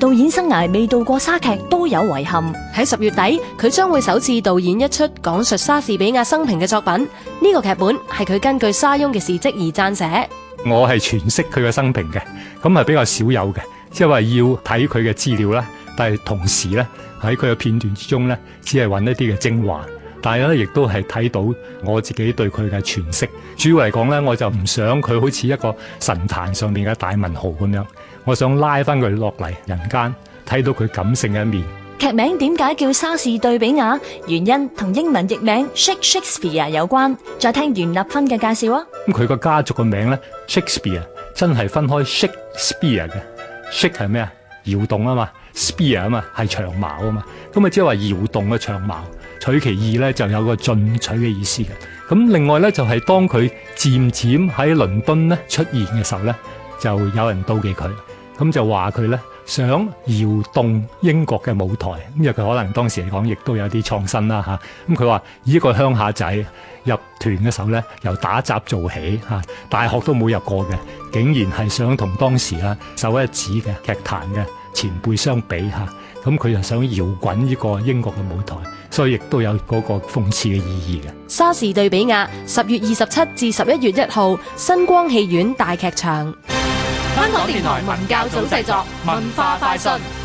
導演生涯未導過莎劇都有遺憾。喺十月底，佢將會首次導演一出講述莎士比亞生平嘅作品。呢、這個劇本係佢根據莎翁嘅事跡而撰寫。我係詮釋佢嘅生平嘅，咁係比較少有嘅，即係話要睇佢嘅資料啦。但係同時咧，喺佢嘅片段之中咧，只係揾一啲嘅精華。但係咧，亦都係睇到我自己對佢嘅詮釋。主要嚟講咧，我就唔想佢好似一個神壇上邊嘅大文豪咁樣，我想拉翻佢落嚟人間，睇到佢感性嘅一面。劇名點解叫《莎士對比亞》？原因同英文譯名 Shake Shakespeare 有關。再聽袁立芬嘅介紹啊。咁佢個家族個名咧，Shakespeare 真係分開 Shakespeare 嘅。Shake 係咩？搖動啊嘛。Spear 啊嘛，係長矛啊嘛，咁啊即係話搖動嘅長矛，取其意咧就有個進取嘅意思嘅。咁另外咧就係當佢漸漸喺倫敦咧出現嘅時候咧，就有人妒忌佢，咁就話佢咧想搖動英國嘅舞台。因為佢可能當時嚟講亦都有啲創新啦嚇。咁佢話以一個鄉下仔入團嘅時候咧，由打雜做起，大學都冇入過嘅。竟然係想同當時啊首一指嘅劇壇嘅前輩相比下，咁佢又想搖滾呢個英國嘅舞台，所以亦都有嗰個諷刺嘅意義嘅。莎士對比亞十月二十七至十一月一號，新光戲院大劇場。香港電台文教組製作，文化快訊。